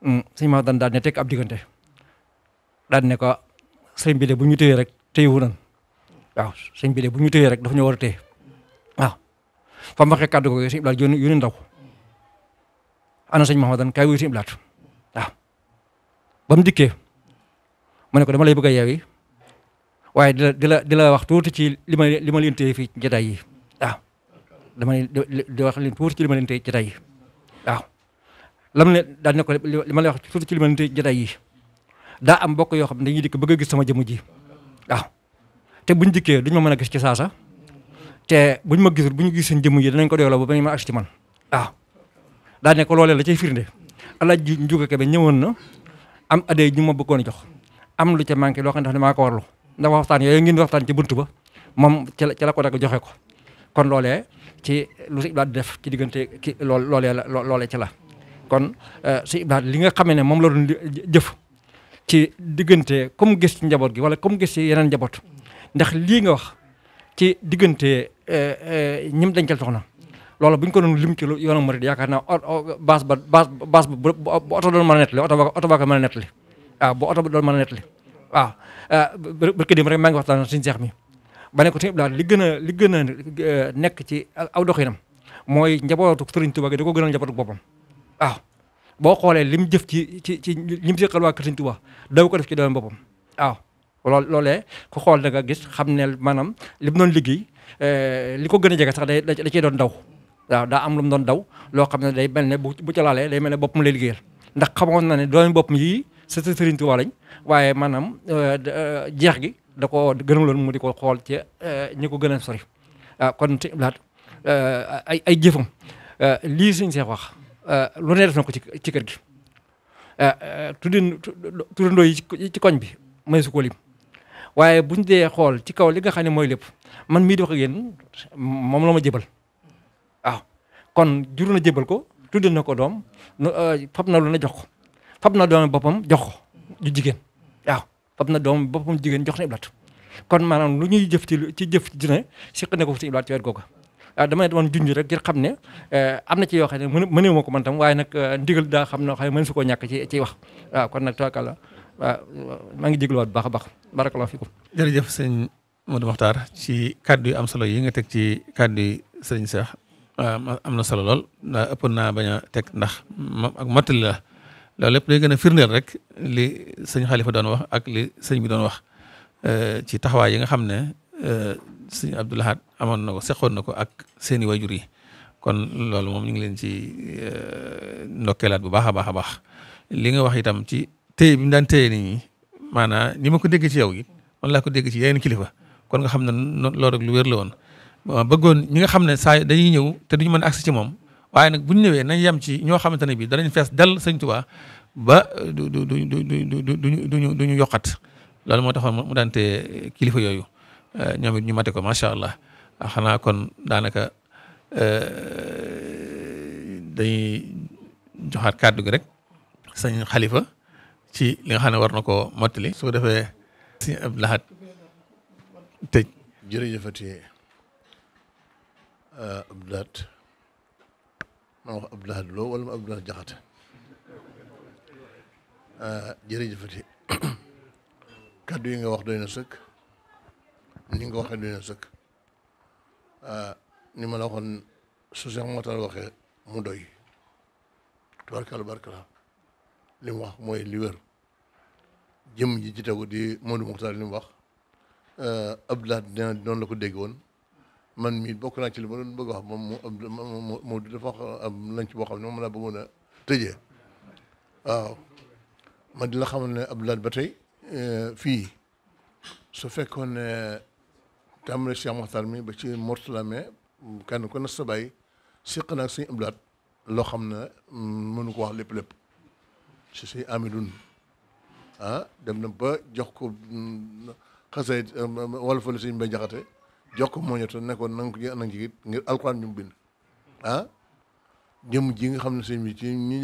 hmm, sëñ ma dan daal ne teg ab diggante daal ne ko sëñ bi bu ñu tëyee rek tëyewu nan waaw sëñ bi bu ñu tëyee rek dafa ñu war a tëye waaw fa mu waxee kàddu ko sëñ Iblaat yónni ndaw ana sëñ Mahamadan kaay wuyu sëñ Iblaat ba mu dikkee mu ne ko dama lay bëgg a yeewi waaye di la di la di la wax tuuti ci li ma li ma leen téye fii jotaay yi waaw di wax leen tuuti ci li ma leen téye jotaay yi lam ne daal ko li ma lay wax ci li ma leen téye daa am bokk yoo xam ne dañuy dikk bëgg a gis sama jëmm ji waaw te buñ dikkee duñ ma mën a gis ci saasa te buñ ma gis bu ñu gis seen jëmm ji danañ ko doyaloo ba bañ ma agsi ci man waaw daal ne ko loolee la cay firnde alaaj ji njuga ke ba ñëwoon na am adee ñu ma bëggoon jox am lu ca manqué loo xam ne maa ko warlu ndax waxtaan yooyu ngeen waxtaan ci bunt ba moom ci la ci ko dagg joxe ko kon loolee ci lu si iblaat def ci diggante ki lool loolee la loolee ci la kon eh, si iblaat li nga xamee ne moom la doon jëf ci diggante comme gis ci njaboot gi wala comme gis ci yeneen njaboot ndax lii nga wax ci diggante eh, eh, ñim dencal soxna loolu bu ñu ko doon lim ci yoonu murid yaakaar naa baas ba baas baas bu oto doon mën a nettali oto baa ko mën a nettali waaw bu oto doon mën a nettali waaw eh, barke dem rek maa ngi waxtaan suñu seex mi ba ne ko sëñ Abdoulaye li gën a li gën a eh, nekk ci aw doxinam mooy njabootu Sëriñ Tuubaa gi da ko gënal njabootu boppam waaw boo xoolee lim jëf ci ci ci lim seqal waa Sëriñ Tuubaa daw ko def ci doom boppam waaw lool loolee ku xool da nga gis xam ne maanaam li mu doon liggéey eh, li ko gën a jege sax day da ciy doon daw waaw daa am lu mu doon daw loo xam ne day mel ne bu bu ca laalee day mel ne boppam lay liggéeyal ndax xamoon na ne doon boppam yii sa sëriñ Tuubaa waaye maanaam euh, euh, jeex gi da ko gënaloon mu di ko xool ci euh, ñi ko gën a sori kon ci laat ay ay jëfam lii suñ seex wax lu ne def na ko ci ci kër gi tuddin tuddandoo yi ci koñ bi may su ko lim waaye buñ dee xool ci kaw li nga xam ne mooy lépp man mii di wax ak yéen moom jëbal kon jur na jébal ko tuddal na ko doom euh, fab na lu ne jox ko fab na doom boppam jox ko ju jigéen waaw fab na doom boppam jigéen jox na iblaat kon maanaam lu ñuy jëf ci ci jëf ci ne siq ko si iblaat ci wet googa waaw dama ne doon junj rek ngir xam ne euh, am na ci yoo xam ne mëneewu ma ko man tam waaye nag euh, ndigal daa xam ne xam ne mën koo ñàkk ci ci wax kon nag tawakkal waaw maa ngi jégluwaat baax a baax barakallahu fikum jëf sëñ Modou Mokhtar ci kàddu yu am solo yi nga teg ci kàddu yi sëriñ Cheikh waaw am na solo lool ndax ëppoon naa bañ a teg ndax ak mottali la loolu lépp day gën a firndeel rek li sëñ Xalifa doon wax ak li sëñ bi doon wax eh, ci taxawaay yi nga xam ne eh, sëñ Abdou amoon na ko seqoon na ko ak seeni wayjur yi kon loolu moom ñu ngi leen ci eh, ndokkeelaat bu baax a baax a baax lii nga wax itam ci téye bi mu daan téye nit ñi maanaam ni ma ko dégg ci yow it man laa ko dégg ci yeneen kilifa kon nga xam ne loolu rek lu wér la woon. bëggoon ñi nga xam ne saa dañuy ñëw te duñu mën agsi ci moom waaye nag bu ñu ñëwee nañ yem ci ñoo xamante ne bii danañ fees dell sëñ Tuubaa ba euh, du du du du du du ñu yokkat loolu moo taxoon mu daan te kilifa yooyu euh, ñoom it ñu mate ko macha allah ah, xanaa kon daanaka euh, dañuy joxaat kàddu gi rek sëñ xalifa ci li nga xam ne war na koo mottali. su defee si Abdou Lahad tëj. Euh, abdulaat man wax abdulaat loo wala ma abdulaat jaxate euh, jërëjëfati kàddu yi nga wax doy na sëkk ni nga waxe doy na sëkk euh, ni ma la waxoon su Seex Moxtaar waxee mu doy tubarkal barkala li wax mooy li wér jëm ji ci tegu di Moodu Moxtaar li mu wax abdulaat nee na noonu la ko dégg man mii bokk naa ci li ma doon bëgg wax moom moo moo dafa wax am ci boo xam ne moom laa bëggoon a tëjee waaw man di la xamal ne Abdoulaye ba tey euh, fii su fekkoon ne tàmbale Cheikh Mokhtar mi ba ci Mourtala mais kenn ko na sa bàyyi seq naa suñu loo xam ne mm, mënu ko wax lépp lépp si say amidun ah dem na ba jox ko mm, xasay euh, wala fa la suñu bay jaxate jox ko moo ne ko na nga ko jël anak jigit ngir alxuraan ñu bind ah jëm ji nga xam ne sëñ bi ci ñi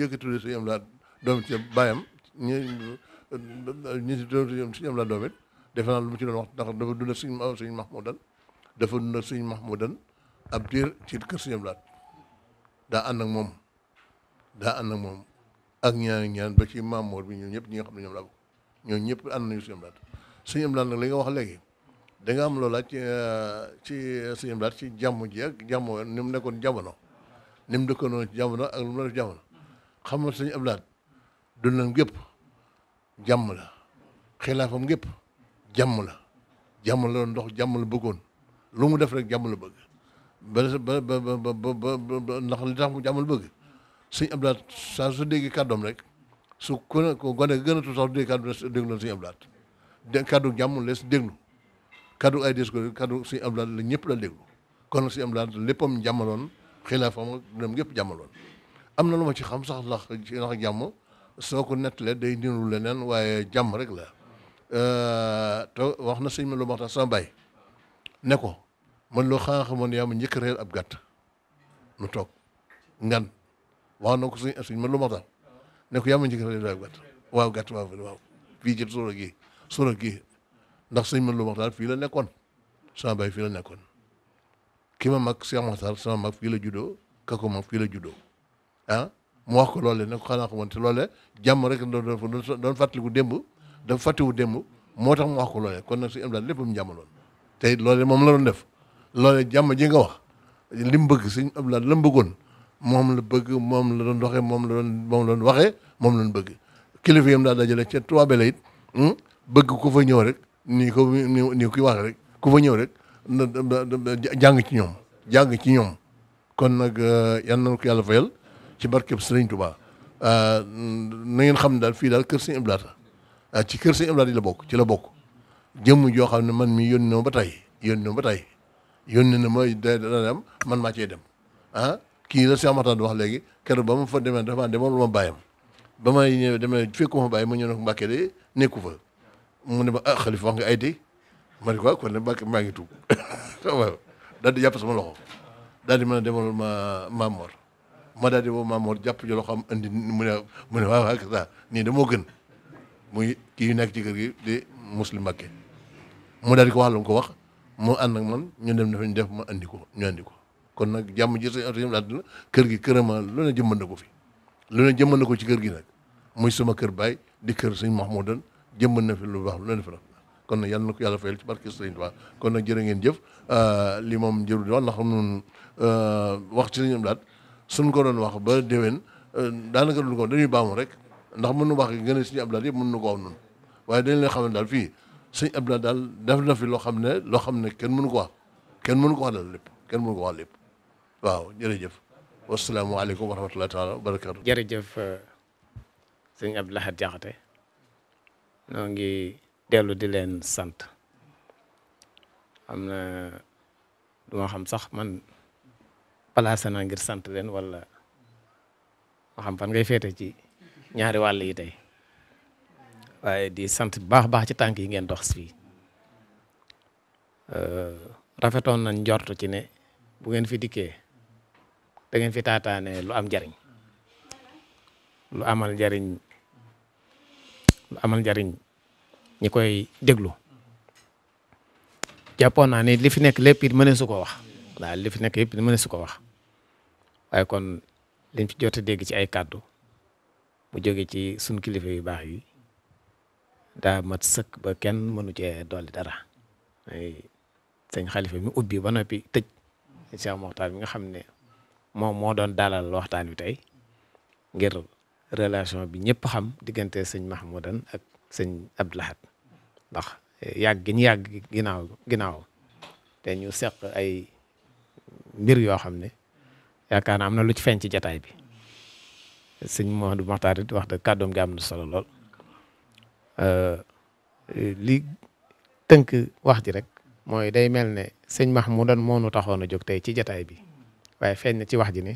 am laa doom ci baayam ñi ñi si tuddee sëñ am laa doom it lu mu ci doon wax ndax dafa dund sëñ sëñ Mahmoudan dafa dund suñ Mahmoudan ab diir ci kër sëñ am laa daa ànd ak moom daa ànd ak moom ak ñaan ñaan ba ci maamoor bi ñoom ñëpp ñi nga xam ne ñoom laa bokk ñoom ñëpp ànd nañu sëñ am laa sëñ am laa li nga wax léegi da nga am loola ci eh, ci suñu ci jàmm ji ak jàmm ni mu nekkoon jamono ni mu dëkkoon ci jamono ak lu mu nekk jamono xam nga suñu ablaat dundam gépp jàmm la xilaafam gépp jàmm la jàmm la ndox jàmm la bëggoon lu mu def rek jàmm la bëgg ba ba ba ndax li tax mu jàmm la bëgg suñu ablaat saa su dégg rek su ku ko gone gën a tuut sax su dégg kàddu déglu suñu ablaat dégg kàddu jàmm la su déglu kaddu ay discours kaddu suñu abdoulaye la ñëpp la déglu kon suñu abdoulaye léppam jàmmaloon xilaafam dem yëpp jàmmaloon am na lu ma ci xam sax ndax ci ndax jàmm soo ko nettalee day niru leneen waaye jàmm rek la euh, te wax na sëñ ma lu ma tax sama baay ne ko man loo xaa xamoon yaa ma njëkk réer ab gat nu toog ngan na ko sëñ sëñ ma lu ma tax ne ko yaa ma njëkk ab gàtt waaw gàtt waaw waaw fii ci suura gi suura gi ndax sëñ Mame Lo Maxtaar fii la nekkoon sama baay fii la nekkoon ki ma mag si Maxtaar sama mag fii la juddoo kako mag fii la judo ah mu wax ko loolee ne ko xanaa xamante loole jàmm rek doon doon fàttaliku démb dafa fàttiwu démb moo tax mu wax ko loolee kon nag sëñ Abdou Lahad léppam loon tey loole moom la doon def loole jàmm ji nga wax li mu bëgg sëñ Abdou la mu bëggoon moom la bëgg moom la doon doxee moom la doon moom la doon waxee moom la bëgg kilifa yam daa dajale ca Tuubaa la hmm, bëgg ko fa ñëw rek nii ko nii kuy wax rek ku fa ñëw rek jàng ci ñoom jàng ci ñoom kon nag eh, yal na ko yàlla fayal ci barkeb Sëriñ Tuubaa eh, na ngeen xam daal fii daal kër Sëriñ Abdou Lahad eh, ci kër Sëriñ Abdou Lahad yi la bokk ci la bokk jëmm joo xam ne man mii yónni na ba tey yónni na ma tey yónni na ma day am man maa cee dem ah kii la Cheikh Makhtar wax léegi ker ba mu fa demee dafa demoon ma baayam ba may ñëw demee fekku ma bàyyi ma ñëw ne ko de nekku fa mu ne ba a ah, xalifa wax nga ay de ma ne ko kon nag maa ngi tuub waaw daal di jàpp sama loxo daal di mën a demal ma Mamor ma daal di woo Mamor jàpp ji loxo am indi mu ne mu ne waaw ak ça nii de moo gën muy kii nekk ci kër gi di muslim Mbakke mu daal ko wax lu ko wax mu ànd ak man ñu dem dafa ñu def ma andi ko ñu andi ko kon nag jàmm ji sa yëpp daal kër gi kërama ma ne jëmmal ko fi lu ne jëmmal na ko ci kër gi nag muy sama kër baay di kër sëñ Mahmoudan jëm jëmmal na fi lu baax lu ne fi la kon nag yàlla ko yàlla fayal ci barke Sëriñ Tuubaa kon na jërë ngeen jëf euh, li moom jëru di wax ndax nun euh, wax ci lañu am daat suñ ko doon wax ba déwén euh, daanaka duñ ko dañuy baamu rek ndax mënu wax gën a suñu ablaat yëpp mën nu ko wax noonu waaye dañ leen xam ne daal fii suñu ablaat daal def na fi loo xam ne loo xam ne kenn mënu ko wax kenn mënu ko wax daal lépp kenn mënu ko wax lépp waaw jërëjëf wasalaamualeykum wa rahmatullahi taala wa barakatu jërëjëf sëñ Abdou Lahad Diakhaté noo ngi dellu di leen sant am na du xam sax man placé naa ngir sant leen wala ma xam fan ngay féete ci ñaari wàll yi tey waaye di sant bu baax baax ci tànk yi ngeen dox fii rafetoon nañ njort ci ne bu ngeen fi dikkee da ngeen fi taataane lu am njariñ lu amal njariñ lu amal njariñ ñi koy déglu jàppoon naa ni li fi nekk lépp it mënee ko wax li fi nekk yëpp mënee su ko wax waaye kon liñ fi jot a dégg ci ay kàddu mu jóge ci suñ kilifa yu baax yi daa mat sëkk ba kenn mënu ci dolli dara ay sëñ xalifa mi ubbi ba noppi tëj Cheikh Mokhtar bi nga xam ne moom moo doon daalal waxtaan wi tey ngir relation bi ñëpp xam diggante sëñ Mahmoudan ak sëñ Abdoulahad ndax yàgg gi ñu yàgg ginnaaw ginnaaw te ñu seq ay mbir yoo xam ne yaakaar naa am na lu ci feeñ ci jataay bi sëñ Mouhamadou Makhtar it wax dëgg kàddoom gi am na solo lool li tënk wax ji rek mooy day mel ni sëñ Mahmoudan moo nu taxoon a jóg tey ci jataay bi waaye feeñ na ci wax ji ne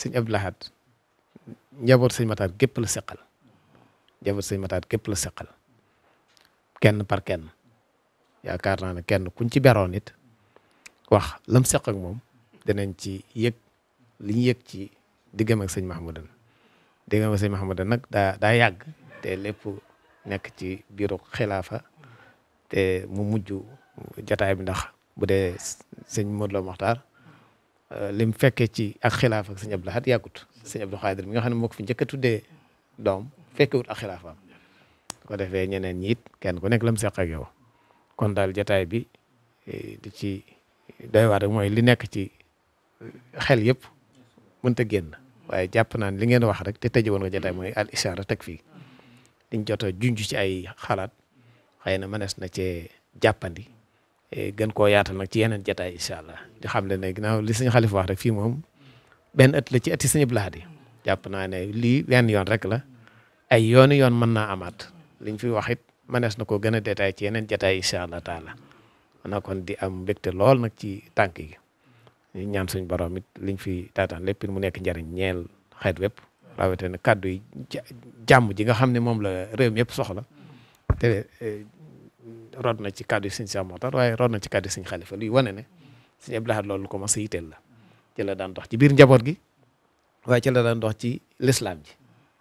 sëñ Abdou njaboot sëñ Makhtar gépp la seqal njaboot sëñ Makhtar gépp la seqal kenn par kenn yaakaar naa ne kenn kuñ ci beroon it wax lam seq ak moom danañ ci yëg li ñu yëg ci diggam ak sëñ Mahmoudan diggam ak sëñ Mahmoudan nag daa daa yàgg te lépp nekk ci biiru xilaafa te mu mujj jataay bi ndax bu dee sëñ Modou Lo Mokhtar euh, li mu ci ak xilaaf ak sëñ Abdou Lahad yàggut sëñ Abdou Khadir mi nga xam ne moo ko fi njëkk a tuddee doom fekkewut ak xilaafaam su ko defee ñeneen ñiit kenn ku nekk lam seq ak yow kon daal jataay bi eh, di ci doy waar rek mooy li nekk ci xel yëpp mënta génn waaye jàpp naan li ngeen wax rek te tëjee woon nga jataay mooy al ishaara teg fii diñ jot junj ci ay xalaat xëy na mënees na cee jàppandi eh, gën koo yaatal nag ci yeneen jataay incha allah di xam le ne ginnaaw li suñu xalif wax rek fii moom benn ëtt la ci ëtti suñu blaadi jàpp naa ne lii benn yoon rek la ay yoonu yoon mën naa amaat liñ fi wax it mënees na ko gën a détaillé ci yeneen jataay incha allah taala na kon di am mbégte lool nag ci tànk yi ñaan suñ borom it liñ fi taataan lépp mu nekk njariñ ñeel xeet wépp rawatina kàddu yi jàmm ji nga xam ne moom la réew mi yëpp te eh, rod na ci kàddu yi suñ Cheikh Mokhtar waaye rod na ci kàddu yi suñ Xalifa luy wane ne suñ Abdou Lahad loolu ko ma la ci la daan dox ci biir njaboot gi waaye ci la daan dox ci lislaam ji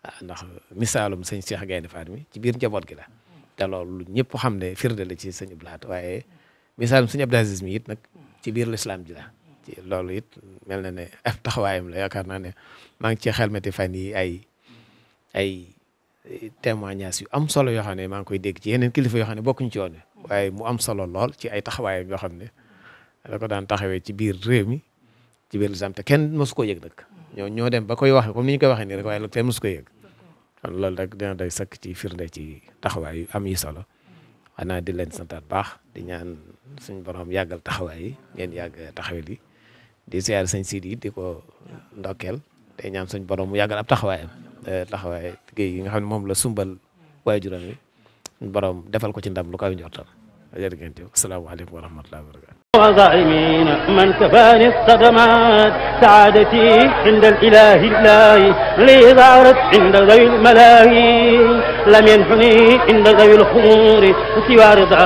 Ah, ndax misaalum sëñ Cheikh Gaynde Fatma mi ci biir njaboot gi la te loolu ñëpp xam ne firnde la ci sëñ blaat waaye misaalum sëñ Abdou mi it nag ci biir lislaam ji la ci loolu it mel na ne ab taxawaayam la yaakaar naa ne maa ngi ma ti fan yi ay ay témoignages yu am solo yoo xam ne maa ngi koy dégg ci yeneen kilifa yoo xam ne bokkuñ ci woon waaye mu am solo lool ci ay taxawaayam yoo xam ne da ko daan taxawee ci biir réew mi ci biir lislaam te kenn mosu koo yëg nag ñoo ñoo dem ba koy wax comme ni ñu koy waxee nii rek waaye nag kenn mësu ko yëg kon loolu rek day sakk ci firnde ci taxawaay yu am yi solo xanaa di leen santaat baax di ñaan suñ borom yàggal taxawaay yi ngeen yàgg taxawel yi di siyaar sëñ siid yi di ko ndokkeel te ñaan suñ borom mu yàggal ab taxawaayam eh, taxawaay liggéey yi nga xam ne moom la sumbal waajuram yi borom defal ko ci ndam lu kaw njortam jërë ngeen jëf asalaamaaleykum wa وظالمين من كفاني الصدمات سعادتي عند الإله الله لي ظهرت عند ذوي الملاهي لم ينحني عند ذوي الخمور سوى رضا